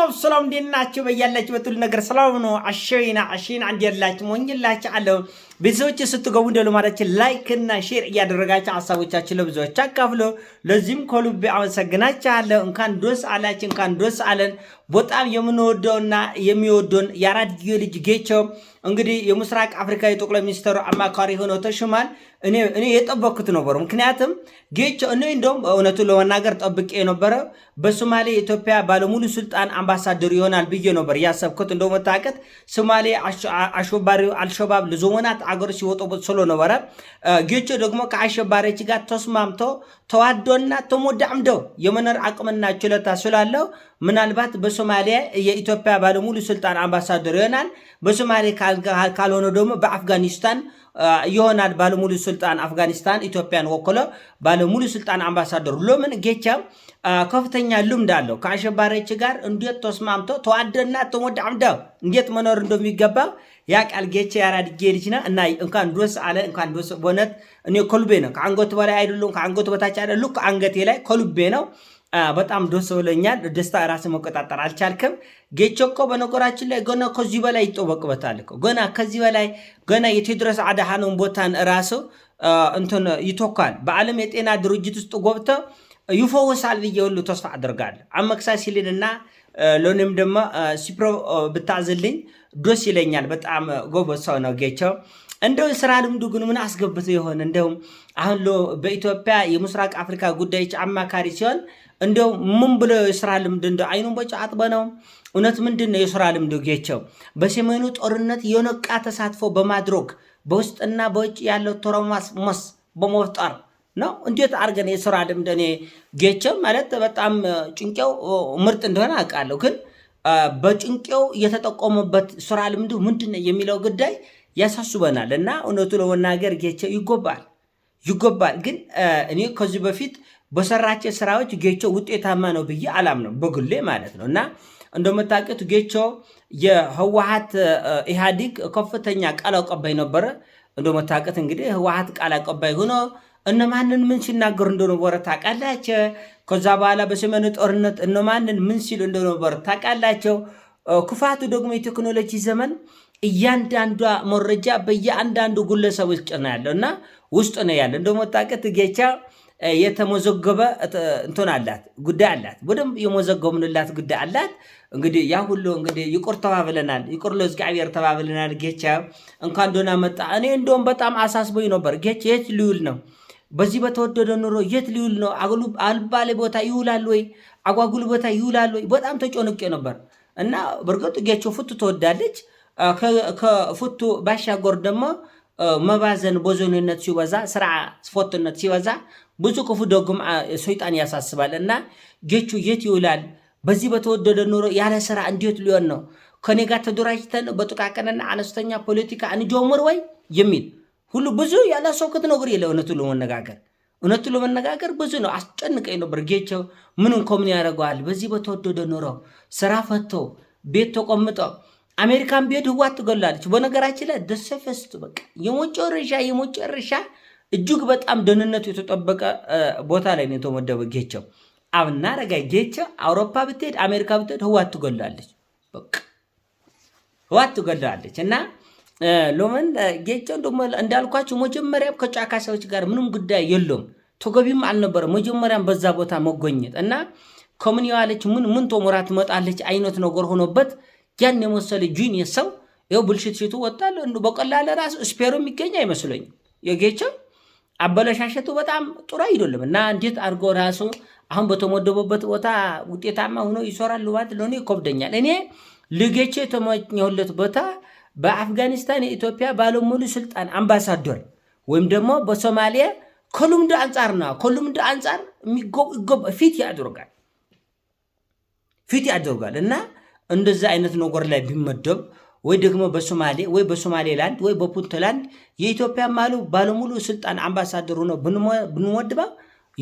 ነው ሰላም እንዴት ናችሁ? በያላችሁ በትል ነገር ሰላም ነው። አሸይና አሸይን አንድ ያላችሁ ሞኝላችሁ አለው ቤተሰቦች ስትገቡ እንደ ልማዳችን ላይክ እና ሼር እያደረጋቸው ሀሳቦቻችን ለብዙዎች አካፍሎ ለዚህም ከልቤ አመሰግናችኋለሁ። እንኳን ደስ አላችሁ፣ እንኳን ደስ አለን። በጣም የምንወደውና የሚወደውን የአራት ጊዜ ልጅ ጌቸው እንግዲህ የምስራቅ አፍሪካ የጠቅላይ ሚኒስትሩ አማካሪ ሆኖ ተሹሟል። እኔ የጠበኩት ነበሩ። ምክንያቱም ጌቾ እኔ እንደውም እውነቱን ለመናገር ጠብቄ ነበረ። በሶማሌ ኢትዮጵያ ባለሙሉ ስልጣን አምባሳደሩ ይሆናል ብዬ ነበር እያሰብኩት። እንደው መታቀት ሶማሌ አሸባሪው አልሸባብ ለዘመናት አገር ሲወጡ ነበረ። ጌቾ ደግሞ ከአሸባሪዎች ጋር ተስማምቶ ተዋዶና ተሞዳምደው የመኖር አቅምና ችሎታ ስላለው ምናልባት በሶማሊያ የኢትዮጵያ ባለሙሉ ስልጣን አምባሳደር ይሆናል። በሶማሌ ካልሆነ ደግሞ በአፍጋኒስታን ይሆናል ባለሙሉ ስልጣን አፍጋኒስታን ኢትዮጵያን ወክሎ ባለሙሉ ስልጣን አምባሳደሩ ሎምን ጌቻ ከፍተኛ ልምድ አለው። ከአሸባሪዎች ጋር እንዴት ተስማምቶ ተዋደና ተሞድ አምደ እንዴት መኖር እንደሚገባ ያ ቃል ጌቻ ያራድጌ ልጅና እና እንኳን ዶስ አለ እንኳን ዶስ በእውነት እኔ ኮልቤ ነው። ከአንገቱ በላይ አይደሉም፣ ከአንገቱ በታች አይደሉ፣ ከአንገቴ ላይ ኮልቤ ነው። በጣም ደስ ብሎኛል። ደስታ ራስ መቆጣጠር አልቻልክም። ጌቾ እኮ በነገራችን ላይ ገና ከዚህ በላይ ይጠበቅበታል እኮ ገና ከዚህ በላይ ገና የቴድሮስ አድሃኖም ቦታን ራሱ እንትን ይተኳል። በዓለም የጤና ድርጅት ውስጥ ጎብተ ይፈወሳል ብዬ ሁሉ ተስፋ አድርጋለሁ። አሞክሲክላይን እና ሎንም ደሞ ሲፕሮ ብታዝልኝ ደስ ይለኛል። በጣም ጎበሰው ነው ጌቾ። እንደው የስራ ልምዱ ግን ምን አስገብቶ የሆነ እንደው አሁን ሎ በኢትዮጵያ የምስራቅ አፍሪካ ጉዳዮች አማካሪ ሲሆን እንደው ምን ብሎ የስራ ልምድ እንደ አይኑን በጭ አጥበ ነው። እውነት ምንድን ነው የስራ ልምዱ ጌቸው? በሰሜኑ ጦርነት የነቃ ተሳትፎ በማድረግ በውስጥና በውጭ ያለው ሞስ በመፍጠር ነው። እንዴት አድርገን የስራ ልምድ እኔ ጌቸው ማለት በጣም ጭንቄው ምርጥ እንደሆነ አውቃለሁ፣ ግን በጭንቄው የተጠቆመበት ስራ ልምዱ ምንድን ነው የሚለው ጉዳይ ያሳስበናል እና እውነቱ ለመናገር ጌቸው ይጎባል ይጎባል። ግን እኔ ከዚህ በፊት በሰራቸው ስራዎች ጌቸው ውጤታማ ነው ብዬ አላምነው በግሌ ማለት ነው እና እንደምታውቁት ጌቾ የህወሀት ኢህአዲግ ከፍተኛ ቃል አቀባይ ነበረ። እንደምታውቁት እንግዲህ ህወሀት ቃል አቀባይ ሆኖ እነማንን ምን ሲናገሩ እንደነበረ ታቃላቸው ከዛ በኋላ በሰሜኑ ጦርነት እነማንን ምን ሲሉ እንደነበረ ታቃላቸው ክፋቱ ደግሞ የቴክኖሎጂ ዘመን እያንዳንዷ መረጃ በየአንዳንዱ ግለሰብ ውስጥ ነው ያለው እና ውስጥ ነው ያለው። እንደሞታቀት ጌቻ የተመዘገበ እንትን አላት ጉዳይ አላት በደንብ የመዘገብንላት ጉዳይ አላት። እንግዲህ ያ ሁሉ እንግዲህ ይቁር ተባብለናል፣ ይቁር ለእግዚአብሔር ተባብለናል። ጌቻ እንኳን ዶና መጣ። እኔ እንደውም በጣም አሳስበኝ ነበር ጌቻ የት ሊውል ነው? በዚህ በተወደደ ኑሮ የት ሊውል ነው? አልባሌ ቦታ ይውላል ወይ? አጓጉል ቦታ ይውላል ወይ? በጣም ተጨንቄ ነበር እና በእርግጥ ጌቾ ፍቱ ትወዳለች ከፍቱ ባሻገር ደግሞ መባዘን በዞንነት ሲበዛ ስርዓ ስፎትነት ሲበዛ ብዙ ክፉ ደጉም ሰይጣን ያሳስባል እና ጌቹ የት ይውላል? በዚህ በተወደደ ኑሮ ያለ ስራ እንዴት ሊሆን ነው? ከኔ ጋር ተደራጅተን በጥቃቅንና አነስተኛ ፖለቲካ እንጀምር ወይ የሚል ሁሉ ብዙ ያለ ሰው ክትነግር የለ እውነቱ ለመነጋገር እውነቱ ለመነጋገር ብዙ ነው። አስጨንቀኝ ነበር ጌቸው ምንም ኮምን ያደርገዋል። በዚህ በተወደደ ኑሮ ስራ ፈቶ ቤት ተቆምጠው አሜሪካን ቢሄድ ህዋት ትገላለች። በነገራችን ላይ ደሰፈስት በቃ የመጨረሻ የመጨረሻ እጅግ በጣም ደህንነቱ የተጠበቀ ቦታ ላይ ነው የተመደበ ጌቸው አብና ረጋ ጌቸው። አውሮፓ ብትሄድ አሜሪካ ብትሄድ ህዋት ትገላለች፣ በቃ ህዋት ትገላለች። እና ሎመን ጌቸው እንዳልኳቸው መጀመሪያም ከጫካ ሰዎች ጋር ምንም ጉዳይ የለውም ተገቢም አልነበረ መጀመሪያም በዛ ቦታ መጎኘት እና ከምን የዋለች ምን ምን ቶሞራ ትመጣለች አይነት ነገር ሆኖበት ያን የመሰለ ጂኒየስ ሰው ይኸው ብልሽት ሲቱ ወጣል። በቀላለ ራስ ስፔሩ የሚገኝ አይመስለኝም። የጌቸው አበለሻሸቱ በጣም ጥሩ አይደለም እና እንዴት አድርጎ ራሱ አሁን በተመደበበት ቦታ ውጤታማ ሆኖ ይሰራል ማለት ለሆነ ይከብደኛል። እኔ ልጌቸው የተመኘሁለት ቦታ በአፍጋኒስታን የኢትዮጵያ ባለሙሉ ስልጣን አምባሳደር ወይም ደግሞ በሶማሊያ ከልምድ አንጻር ነው። ከልምድ አንጻር ፊት ያደርጋል ፊት ያደርጋል እና እንደዚህ አይነት ነገር ላይ ቢመደብ ወይ ደግሞ በሶማሌ ወይ በሶማሌላንድ ወይ በፑንትላንድ የኢትዮጵያ ማሉ ባለሙሉ ስልጣን አምባሳደር ሆኖ ብንወድባ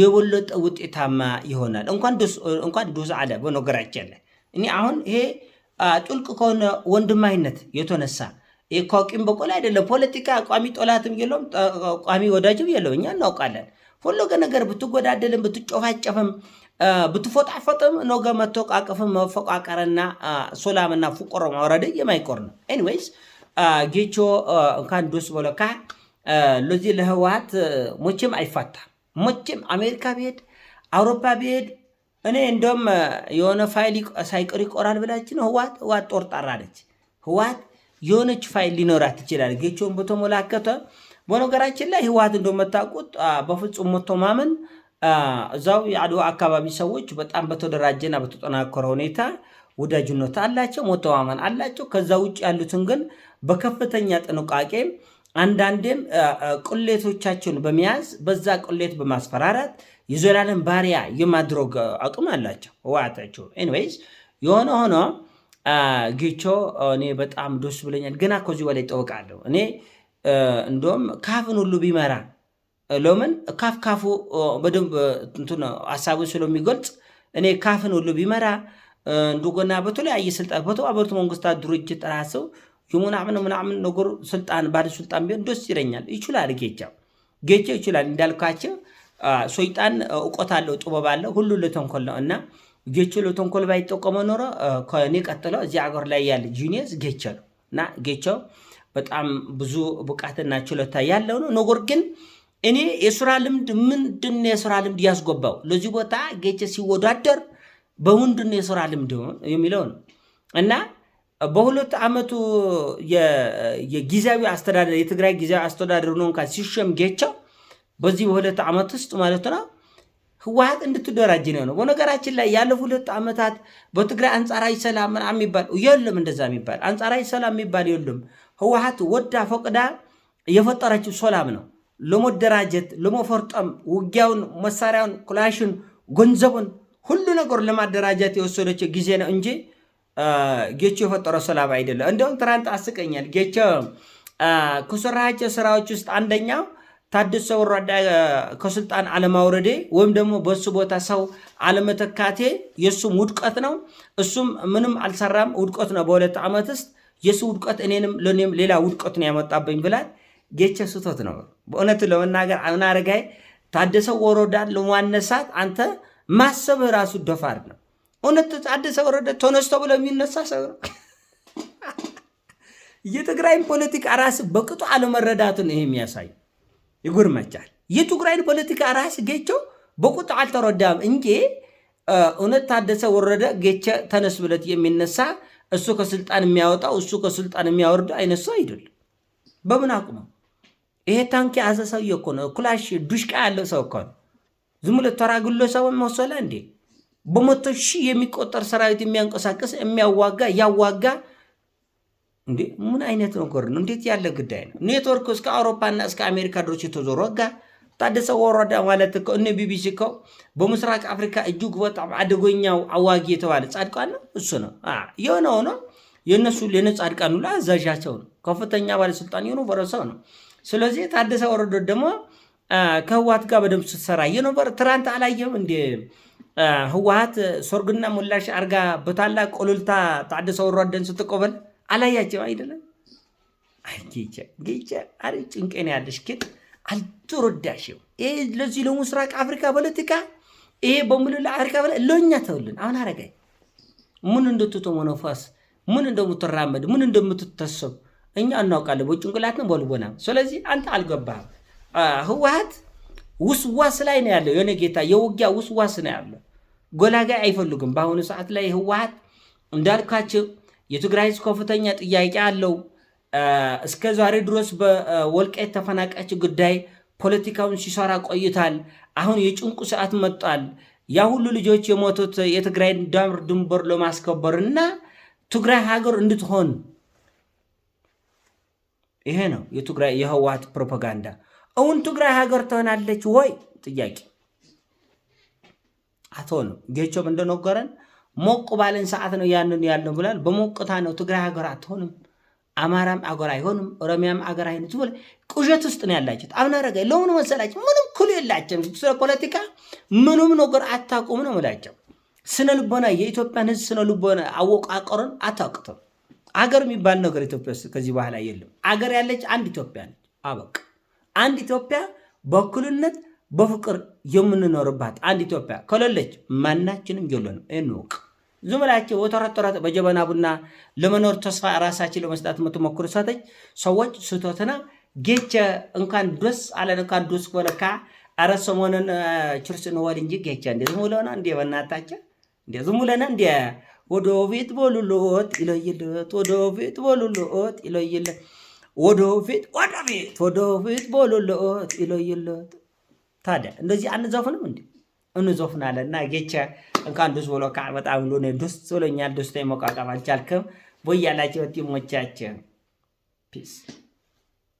የበለጠ ውጤታማ ይሆናል። እንኳን ዱስ አለ በነገራችን ላይ እኔ አሁን ይሄ ጥልቅ ከሆነ ወንድማይነት የተነሳ ከቂም በቆል አይደለም። ፖለቲካ ቋሚ ጠላትም የለውም፣ ቋሚ ወዳጅም የለውም። እኛ እናውቃለን። ፈለገ ነገር ብትጎዳደልም ብትጨፋጨፍም ብትፎጣፈጥም ነገ መተቃቀፍን መፈቃቀርና ሶላምና ፍቆሮ ማውረድ የማይቆር ነው። ኤኒዌይስ ጌቾ እንኳን ደስ በሎካ። ለዚህ ለህወሓት መቼም አይፋታ። መቼም አሜሪካ ብሄድ አውሮፓ ብሄድ እኔ እንደም የሆነ ፋይል ሳይቀር ይቆራል ብላችን ህወሓት ህወሓት ጦር ጣራለች። ህወሓት የሆነች ፋይል ሊኖራት ይችላል። ጌቾን በተመላከተ በነገራችን ላይ ህወሓት እንደምታውቁት በፍጹም መቶ ማመን እዛው የአድዋ አካባቢ ሰዎች በጣም በተደራጀና በተጠናከረ ሁኔታ ወዳጅነት አላቸው፣ መተማመን አላቸው። ከዛ ውጭ ያሉትን ግን በከፍተኛ ጥንቃቄ አንዳንዴም ቁሌቶቻቸውን በመያዝ በዛ ቁሌት በማስፈራራት የዘላለም ባሪያ የማድረግ አቅም አላቸው ህወሓታቸው። ኤኒዌይስ የሆነ ሆኖ ጌቾ እኔ በጣም ደስ ብለኛል። ገና ከዚህ በላይ ጠወቃለሁ እኔ እንደውም ካፍን ሁሉ ቢመራ ለምን ካፍ ካፉ በደንብ ሀሳቡን ስለሚገልጽ እኔ ካፍን ሁሉ ቢመራ እንደጎና በተለያየ ስልጣን በተባበሩት መንግስታት ድርጅት ራሱ ምናምን ምናምን ነገር ስልጣን ባለ ስልጣን ቢሆን ደስ ይለኛል። ይችላል ጌቻ ጌቻ ይችላል እንዳልኳቸው ሰይጣን እውቀት አለው ጥበብ አለው ሁሉ ለተንኮል ነው እና ጌቼ ለተንኮል ባይጠቀመ ኖሮ ከኔ ቀጥሎ እዚህ አገር ላይ ያለ ጂኒየስ ጌቼ ነው እና ጌቼው በጣም ብዙ ብቃትና ችሎታ ያለው ነው ነገር ግን እኔ የስራ ልምድ ምንድን ነው የስራ ልምድ ያስጎባው ለዚህ ቦታ ጌቼ ሲወዳደር በምንድን ነው የስራ ልምድ የሚለው ነው እና በሁለት ዓመቱ የጊዜያዊ አስተዳደር የትግራይ ጊዜያዊ አስተዳደር ነው እንኳ ሲሸም ጌቸው በዚህ በሁለት ዓመት ውስጥ ማለት ነው ህወሀት እንድትደራጅ ነው ነው። በነገራችን ላይ ያለፉ ሁለት ዓመታት በትግራይ አንጻራዊ ሰላም ምናምን የሚባል የለም፣ እንደዛ የሚባል አንጻራዊ ሰላም የሚባል የለም። ህወሀት ወዳ ፈቅዳ የፈጠረችው ሰላም ነው። ለመደራጀት ለመፈርጠም ውጊያውን፣ መሳሪያውን፣ ክላሽን፣ ገንዘቡን ሁሉ ነገር ለማደራጀት የወሰደችው ጊዜ ነው እንጂ ጌቾ የፈጠረ ሰላም አይደለም። እንደውም ትናንት አስቀኛል። ጌቾ ከሰራቸው ስራዎች ውስጥ አንደኛው ታደሰ ወረደ ከስልጣን አለማውረዴ ወይም ደግሞ በሱ ቦታ ሰው አለመተካቴ የእሱም ውድቀት ነው። እሱም ምንም አልሰራም፣ ውድቀት ነው። በሁለት ዓመት ውስጥ የእሱ ውድቀት እኔንም ለእኔም ሌላ ውድቀት ነው ያመጣብኝ ብላል። ጌቸ ስቶት ነው። በእውነቱ ለመናገር አሁን አረጋይ ታደሰ ወረዳን ለማነሳት አንተ ማሰብህ ራሱ ደፋር ነው። እውነት ታደሰ ወረደ ተነስቶ ብሎ የሚነሳ ሰው ነው። የትግራይን ፖለቲካ ራስ በቅጡ አለመረዳቱን ይሄ የሚያሳይ ይጎርመቻል። የትግራይን ፖለቲካ ራስ ጌቸው በቁጡ አልተረዳም እንጂ እውነት ታደሰ ወረደ ጌቸ ተነስ ብለት የሚነሳ እሱ ከስልጣን የሚያወጣው እሱ ከስልጣን የሚያወርዱ አይነሱ ሰው አይደለም። በምን አቁመው ይሄ ታንክ የያዘ ሰውዬ እኮ ነው። ክላሽ ዱሽቃ ያለው ሰው እኮ ነው። ዝም ብሎ ተራግሎ ሰው መሰለ እንዴ? በመቶ ሺህ የሚቆጠር ሰራዊት የሚያንቀሳቅስ የሚያዋጋ ያዋጋ እንዴ! ምን አይነት ነገር ነው? እንዴት ያለ ጉዳይ ነው? ኔትወርክ እስከ አውሮፓና እስከ አሜሪካ ድረስ የተዞረ ታደሰ ወረዳ ማለት እኮ እነ ቢቢሲ እኮ በምስራቅ አፍሪካ እጅግ በጣም አደገኛው አዋጊ የተባለ ጻድቃን ነው እሱ ነው። የሆነ ሆኖ የእነሱ ጻድቃን ሁሉ አዛዣቸው ነው። ከፍተኛ ባለስልጣን የሆኑ ሰው ነው። ስለዚህ ታደሰ ወረደ ደግሞ ከህወሀት ጋር በደንብ ስትሰራ የነበር ትናንት አላየም እንደ ህወሀት ሰርግና ሙላሽ አርጋ በታላቅ ቆሉልታ ታደሰ ወረደን ስትቆበል አላያቸው አይደለም። ጌቸ አሪ ጭንቄን ያለሽ ግን አልተረዳሽም። ይሄ ለዚህ ለምስራቅ አፍሪካ ፖለቲካ ይሄ በሙሉ ለአፍሪካ በለ ለኛ ተውልን። አሁን አረጋይ ምን እንደትቶ መነፋስ ምን እንደምትራመድ ምን እንደምትተሰብ እኛ እናውቃለን። ነው በልቦና። ስለዚህ አንተ አልገባህም። ህወሀት ውስዋስ ላይ ነው ያለው። የሆነ ጌታ የውጊያ ውስዋስ ነው ያለው። ጎላጋይ አይፈልጉም። በአሁኑ ሰዓት ላይ ህወሀት እንዳልካቸው የትግራይ ህዝብ ከፍተኛ ጥያቄ አለው። እስከ ዛሬ ድረስ በወልቃይት ተፈናቃዮች ጉዳይ ፖለቲካውን ሲሰራ ቆይታል። አሁን የጭንቁ ሰዓት መጥቷል። ያ ሁሉ ልጆች የሞቱት የትግራይን ዳር ድንበር ለማስከበር እና ትግራይ ሀገር እንድትሆን ይሄ ነው የትግራይ የህወሀት ፕሮፓጋንዳ። እውን ትግራይ ሀገር ትሆናለች ወይ ጥያቄ አትሆንም። ጌቾም እንደነገረን ሞቅ ባለን ሰዓት ነው ያንን ያለ ብላል። በሞቅታ ነው ትግራይ ሀገር አትሆንም፣ አማራም አገር አይሆንም፣ ኦሮሚያም አገር አይነት ብለ ቅዠት ውስጥ ነው ያላችሁት። አብነ ረገ ለምን መሰላችሁ? ምንም ክሉ የላችሁም። ስለ ፖለቲካ ምንም ነገር አታውቁም ነው የምላቸው። ስነ ልቦና የኢትዮጵያን ህዝብ ስነ ልቦና አወቃቀሩን አታውቁትም። አገር የሚባል ነገር ኢትዮጵያ ውስጥ ከዚህ በኋላ የለም። አገር ያለች አንድ ኢትዮጵያ ነች። አበቃ። አንድ ኢትዮጵያ በእኩልነት በፍቅር የምንኖርባት አንድ ኢትዮጵያ ከሌለች ማናችንም የለንም። እንወቅ። ዝም ብላችሁ ወተረት በጀበና ቡና ለመኖር ተስፋ ራሳችን ለመስጣት የምትሞክሩ ሰተች ሰዎች ስቶትና ጌቸ እንኳን ዶስ አለን እንኳን ዶስ ኮለካ አረ ሰሞኑን ችርስ እንወል እንጂ ጌቸ እንደ ዝሙለና ብለና እንደ በናታቸ እንደ ዝም እንደ ወደፊት በሉሎት ይለይለት፣ ወደፊት በሉሎት ይለይለት፣ ወደፊት ወደፊት ወደፊት በሉሎት ይለይለት። ታዲያ እንደዚህ አንዘፍንም እንዴ? እንዘፍናለን። እና ጌቸ እንኳን ደስ ብሎ ካ በጣም ብሎ ነው ደስ ብሎኛል። ደስታ መቋቋም አልቻልክም። ቦያላቸው ቲሞቻቸው ፒስ